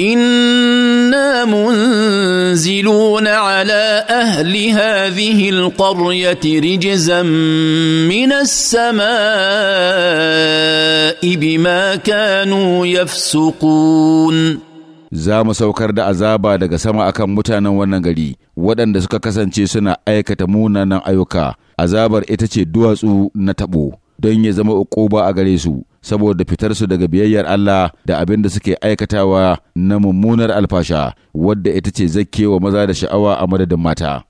انا منزلون على اهل هذه القريه رجزا من السماء بما كانوا يفسقون za mu saukar da azaba daga sama akan mutanen wannan gari waɗanda suka kasance suna aikata munanan ayyuka azabar ita ce duwatsu na taɓo don ya zama uku ba a gare su saboda fitarsu daga biyayyar Allah da abin da suke aikatawa na mummunar alfasha wadda ita ce zakkewa maza da sha'awa a madadin mata.